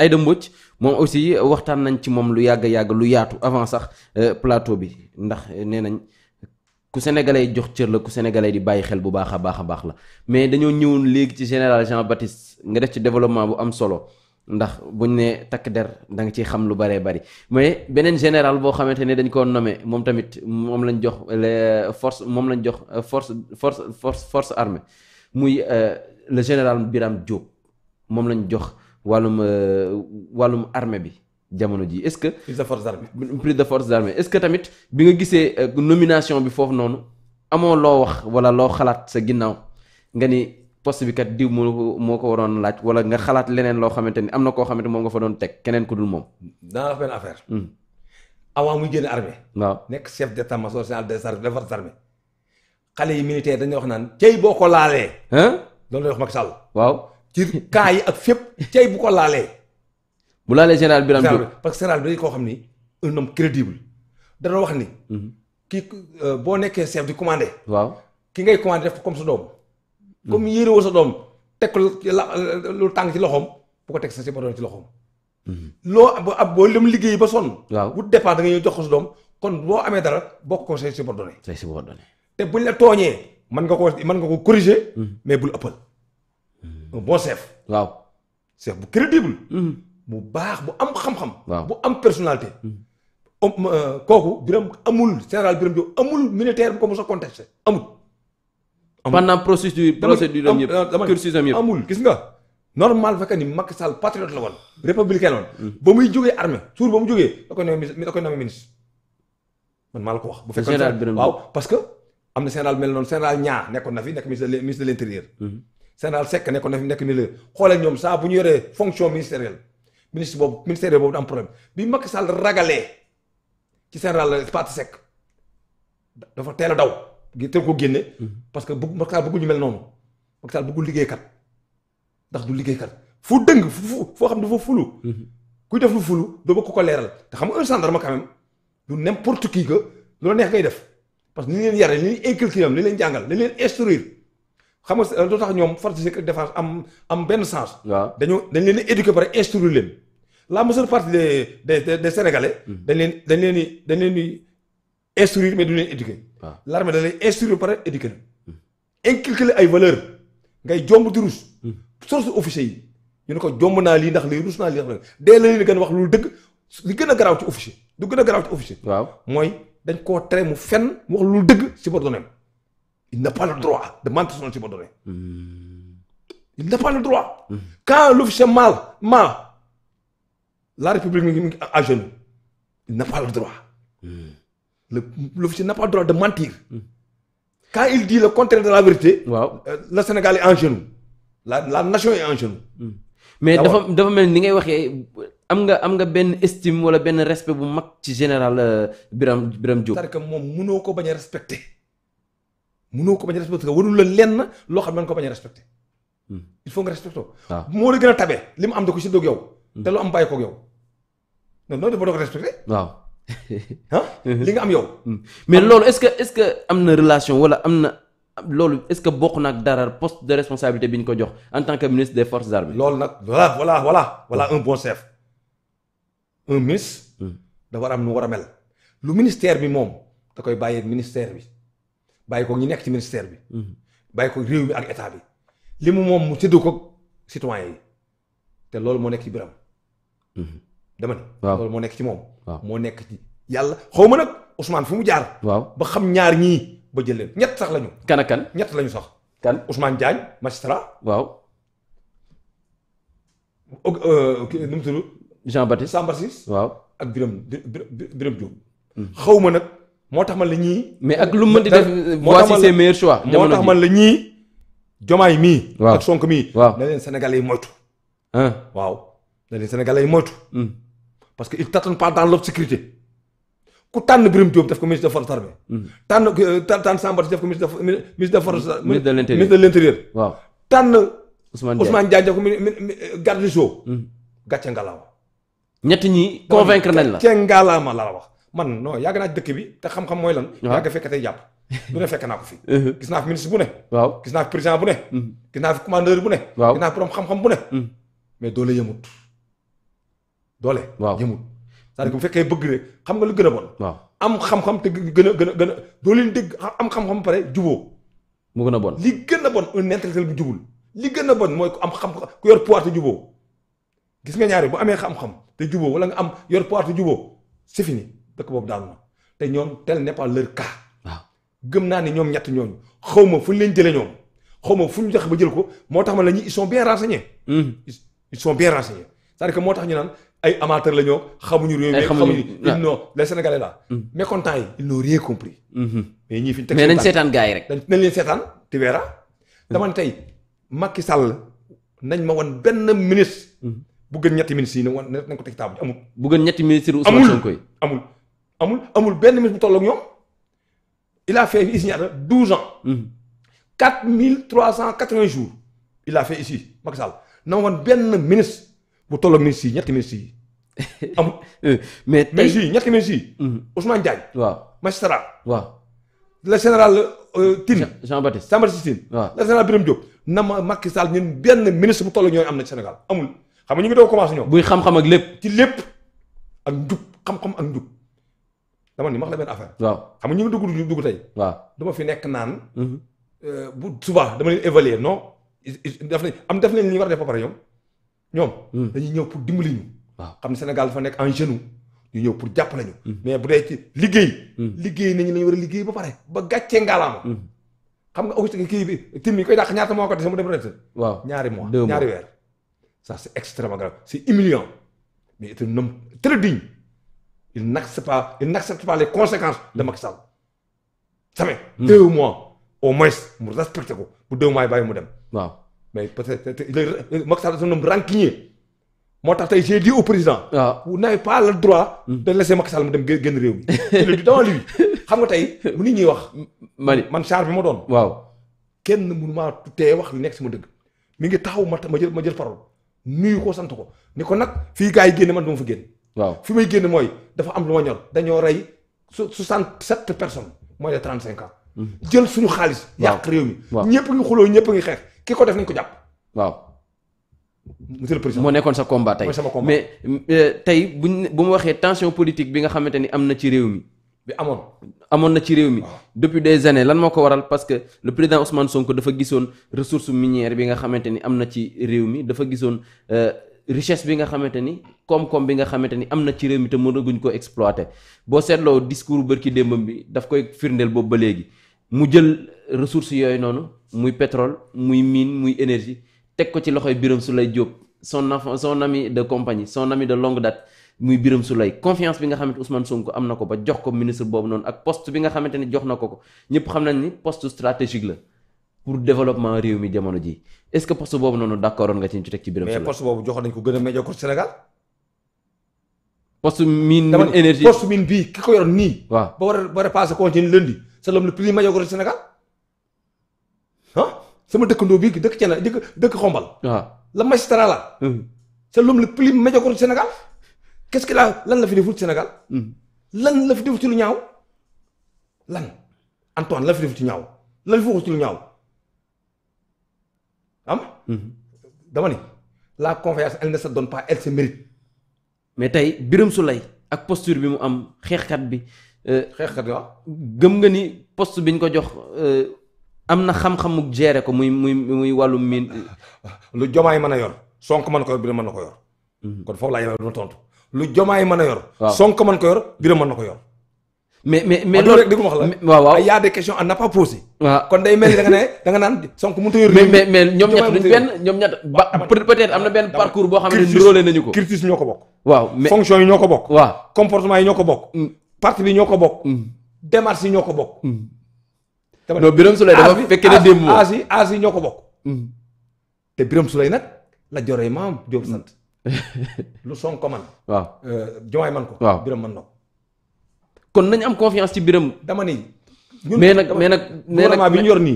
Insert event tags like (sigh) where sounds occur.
Aïda Mbodj moom aussi waxtaan nañ ci moom lu yàgg yàgg lu yaatu avant sax euh, plateau bi ndax euh, nee nañ ku sénégalais jox cër la ku sénégalais di bàyyi xel bu baax a baax a baax la mais dañoo ñëwoon léegi ci général Jean Baptiste nga def ci développement bu am solo ndax buñ ne takk der da nga ciy xam lu bëree bari mais beneen général boo xamante ne dañ ko nommé moom tamit moom lañ jox euh, les force moom lañ jox force force force force armée muy le général biram Diop moom lañ jox. wàllum euh, wàllum armée bi jamono ji est-ce que. prise de force armée prise de force armée est-ce que tamit bi nga gisee euh, nomination bi foofu noonu amoo loo wax wala loo xalaat sa ginnaaw nga ni poste bi kat diw moo ko moo ko waroon laaj wala nga xalaat leneen loo xamante ni am na koo xamante moom nga fa doon teg keneen ku dul moom. dana wax benn affaire. Hmm. avant muy génn armée. waaw nekk chef détat tamaso général des armées des forces xale yi militaire dañuy wax naan cey boo ko laal loolu ci cas yi ak fépp cay bu ko laalee. bu laalee général Birame Diop parce que général bi dañ koo xam ni un homme crédible dana wax ni. Mhm. kii euh, boo nekkee chef di commandé. waaw ki ngay commandé def ko comme sa doom. comme mhm. yéerewoo sa doom teg ko lu tàng ci loxoom bu ko teg sa si ba ci loxoom. Mhm. loo ab boo lim liggéey ba sonn. waaw bu départ da nga ñëw jox ko sa doom kon boo amee dara bokk ko say subordonné. say subordonné. te buñ la tooñee mën nga ko mën nga ko corriger. mais bul ëppal. un bon chef. waaw chef bu crédible. Mm-hmm. bu baax bu am xam-xam. bu am personnalité. Mm-hmm. Euh, kooku Birame amul général Birame Diop amul militaire bu ko mos a contesté amul. amul pendant processus am euh, am yëpp amul gis nga. normal fekk ni Macky Sall patriote la woon. républicain la woon. Mm-hmm. ba muy jógee armée suur ba mu jógee da koy nommé da koy nommé ministre man maa la ko wax. bu fekkoon waaw parce que am na général mel noonu général ñaar nekkoon na fi nekk ministre de l' général Seck nekkoon na fi nekk nii la xoolal ñoom saa bu ñu yoree fonction ministérielle ministre boobu ministère boobu da am problème bi Macky Sall ragalee ci général Pathé Seck dafa teel a daw teel ko génne. Mm-hmm. parce que bëgg Macky Sall bëggul ñu mel noonu Macky Sall liggéey kat ndax du liggéeykat fu dëng fu foo xam ne dafa fulu. Mm-hmm. kuy def lu fulu doo bëgg ko leeral te xam nga un gendarme quand même du n'importe qui que loolu neex ngay def parce que ni leen yare ni leen inculquer jàngal ni leen instruire. xam nga euh, lu tax ñoom force de sécurité défense am am benn sens. waaw dañoo dañ leen di éduquer ba pare instruire leen la majeure partie des des des sénégalais. Mm-hmm. dañ leen dañ leen di dañ leen di instruire mais du leen éduquer. waaw l'armée da lay instruire ba pare éduquer na. Mm-hmm. inculquer ay valeur ngay jomb di rus. Mm-hmm. source officier yi ñu ne ko jomb naa lii ndax lii rus naa lii ndax dee la leen gën wax lu dëgg li gën a garaaw ci officier du gën a garaaw ci officier. waaw mooy dañ koo tere mu fenn mu lu dëgg subordonné il n'a pas le droit de mentir son subordonné. Hmm. il n'a pas la de mentir. quand il dit le contraire la vérité. waaw euh, le Sénégal est en la la nation est en genoux. Hmm. mais dafa dafa mel ni ngay waxee am nga am nga benn estime wala benn respect bu mag ci général biram euh, biram Diop. cest à moom mënoo ko bañ a respecté. mënoo ko bañ a respecté warul la lenn loo xam ne mën ko bañ a respecté. Hmm. il faut nga respecté ko. waaw ah. moo la gën a tabee li mu am da ko séddoo ak yow. Hmm. te lu am bàyyi ko ak yow. non non dafa doog a respecté. waaw. ah (laughs) li nga am yow. mais loolu est-ce que est-ce que am na relation wala am na loolu est-ce que bokk na ak dara poste de responsabilité bi ñu ko jox en tant que ministre des forces armées. loolu nag voilà voilà voilà voilà un bon chef. un ministre. da war am nu war a mel. lu ministère bi moom da koy bàyyi ministère bi. bàyyi ko ñu nekk ci ministère bi. Mhm. bàyyi ko réew mi ak état bi. li mu moom mu séddoo ko citoyen yi te loolu moo nekk ci biram mhm. dama ne. waaw loolu moo nekk ci moom. moo nekk ci yàlla xaw ma nag Ousmane fu mu jaar. waaw ba xam ñaar ñii ba jël leen ñett sax lañu. kan ak ñett lañu sax. kan Ousmane Diagne magistrat. waaw. Euh, nu mu tudd. Jean Baptiste Jean waaw ak Birame Birame Birame Diop. Mhm. xaw ma nag. moo tax man la ñii. mais ak lu mën di def voici moo tax man la ñii jomaay mii. waaw ak sonk mii. waaw na leen sénégalais yi moytu. waaw na yi moytu. Hmm. parce que il tâtonne pas dans sécurité ku tànn Birame Diop def ko ministre des forces armées. Hmm. tànn euh, tànn Samba def ko ministre de ministre des forces. Hmm. ministre de l'intérieur ministre de l'intérieur. waaw tànn. Ousmane Diagne Ousmane ko ministre garde des Sceaux. gàcce ngalaama. ñett ñi convaincre nañ la gàcce ngalaama la wax. man non yàgg naa dëkk bi te xam-xam mooy lan. waaw a fekk tey jàpp. (laughs) lu ne fekk naa ko fi. Uh-huh. gis naa fi ministre bu ne. waaw gis naa fi président bu ne. Uh-huh. gis fi commandeur bu ne. waaw gis naa fi bu ne. Uh-huh. mais doole yëmut. doole. yëmut cest à bu fekkee bëgg rek xam nga lu gën a bon. waaw am xam-xam te gën a gën a gën a doo leen dégg am xam-xam pare juboo mu gën a bon li gën a bon un intellectuel bu jubul. li gën a bon mooy ku am xam ku yor pouvoir te juboo gis nga ñaari bu amee xam-xam te juboo wala nga am yor pouvoir te juboo c'est fini dëkk boobu daanu na te ñoom tel n'est pas leur cas. waaw gëm naa ne ñoom ñett ñooñu xaw ma fu ñu leen jëlee ñoom xaw ma fu ñu tax ba jël ko moo tax ma la ñuy ils sont bien renseignés. Hmm. ils sont moo tax ñu naan ay la ñoo xamuñu réew mi xamuñu ils n'ont les sénégalais là. Hmm. mécontents yi ils n'ont hmm. fi ñu teg mais nañ seetaan yi rek. nañ leen seetaan te weera. dama ne tey Macky Sall nañ ma wan benn ministre. bu gën ñetti ministres yi ne wan nañ ko teg taabu amul. bu gën ñetti ministres Ousmane Sonko amul amul. amul amul benn ministre bu toll ak ñoom il a fait ici ñaata douze ans. Mhm. quatre mille trois cent quatre vingt jours a benn ministre bu toll ak yi ñetti ministres yi. amul (laughs) euh, mais tey ministres mhm. waaw magistrat. waaw le général euh, Tine. Jean Baptiste Jean Baptiste na ma Macky Sall ñun benn ministre bu toll ak am na Sénégal amul xam nga ñu ngi doon commencé ñoom. buy xam-xam ak lépp. ci lépp ak njub xam-xam ak njub. dama ni ma wax la benn affaire. waaw xam nga ñu ngi dugg ñu dugg tey. waaw dama fi nekk naan. Mm-hmm. Euh, bu subaa dama leen évaluer non. def nañ am def nañ li war a def ba pare ñoom. ñoom. Mm. dañuy ñëw pour dimbali ñu. waaw xam ne Sénégal dafa nekk en genou. ñu ñëw pour jàpp ñu. Mm. mais bu dee ci liggéey. Mm. liggéey nañu lañu war a liggéey ba pare ba gàccee ngaalaama. xam nga Augustin kii bi tim yi koy dàq ñaata moo ko dese mu dem retraite. waaw ñaari moo ñaari weer. ça c'est extrêmement grave c'est humiliant mais il n'accepte pas il n'accepte pas les conséquences de Macky Sall. samay. Hmm. deux mois au moins mu respecté ko bu deux mois yi bàyyi mu dem. waaw mais parce que te Macky Sall dafa rancunier moo tax tey j'ai dit au président. waaw ah. vous n'avez pas le droit. Hmm. de laisser Macky Sall mu dem génn réew mi. xam nga tey bu nit ñi wax. man man charge bi ma doon. waaw kenn mënu maa tee wax li nekk si ma dëgg. mi ngi taxaw ma ma jël ma jël parole nuyu ko sant ko ni ko nag fii gars yi génne man dama fa génn. waaw fi may génn mooy dafa am lu ma ñor dañoo rey soixante sept personnes mooy de trente cinq ans. Hmm. jël suñu xaalis. yàq réew mi. waaw ñëpp ngi xuloo ñëpp ngi xeex ki ko def nañ ko jàpp. waaw. monsieur moo nekkoon sa combat tey mais euh, tey buñ bu mu waxee tension politique bi nga xamante ni am na ci réew mi. bi amoon amoon na ci réew mi. depuis des années lan moo ko waral parce que le président Ousmane Sonko dafa gisoon ressource minière bi nga xamante ni am na ci réew mi dafa gisoon. Euh, richesse bi nga xamante ni koom bi nga xamante ni am na ci réew mi te mënaguñ ko exploiter boo seetloo discours bërki démbam bi daf koy firndeel boobu ba léegi mu jël ressources yooyu noonu muy pétrole muy miin muy énergie teg ko ci loxoy Birame Souleye Diop son na son ami de compagnie son ami de longue date muy Birame Souleye confiance bi nga xamante Ousmane Sonko am na ko ba jox ko ministre boobu noonu ak post bi nga xamante ni jox na ko ko ñëpp xam nañ ni poste stratégique la pour développement réew mi jamono ji est-ce que poste boobu noonu d'accordoon nga ci ñu ci teg ci biram mais poste boobu joxoon nañ a médiocre Sénégal poste bii ki ko yoroon nii waaw ba a war a passé congé lundi c'est l'homme sama dëkkandoo bii dëkk cee na dëkk dëkk xombal waaw la magistrat la hmm. c'est l'homme le plus médiocre senegal qu'est-ce que lan la fi deful Sénégal hmm. lan la fi deful ci lu ñaaw lan Antoine la fi deful ci ñaaw lan fi waxul lu ñaaw am dama ni la confiance elle ne se donne pas elle se mérite. mais tey Birame Souleye ak posture bi mu am xeexkat bi. Euh, xeexkat waaw. gëm nga ni poste bi ñu ko jox euh, am na xam-xamuk gérer ko muy muy muy wàllu miin. lu jomaay mën a yor Sonko mën ko yor mën na ko yor. kon foofu tontu lu jomaay mën a yor. waaw Sonko mën ko yor Birame mën na ko yor. Mhm. mais mais mais loolu rek dégg nga wax la waaw waaw ah, y a des questions à ne pas poser. waaw kon day mel ni da nga ne da nga naan Sonko mënut a yor. mais mais mais ñoom ñett duñ benn ñoom ñett ba peut-être am na benn parcours boo xam ne niróole nañu ko. culture ñoo ko bokk. waaw mais fonction yi ñoo ko bokk. waaw comportement yi ñoo ko bokk. Mm. parti bi ñoo ko bokk. Mm. démarche yi ñoo ko bokk. Mm. dama ne Birame Souleye dafa fekkee ne démb. as yi as yi ñoo ko bokk. te Birame Souleye nag la joree maam Diop sant. (laughs) lu Sonko man. waaw euh, Diomaye man ko. waaw Birame man na ko. kon nañ am confiance ci biram dama ni. mais nag mais nag mais nag bi ñu yor nii.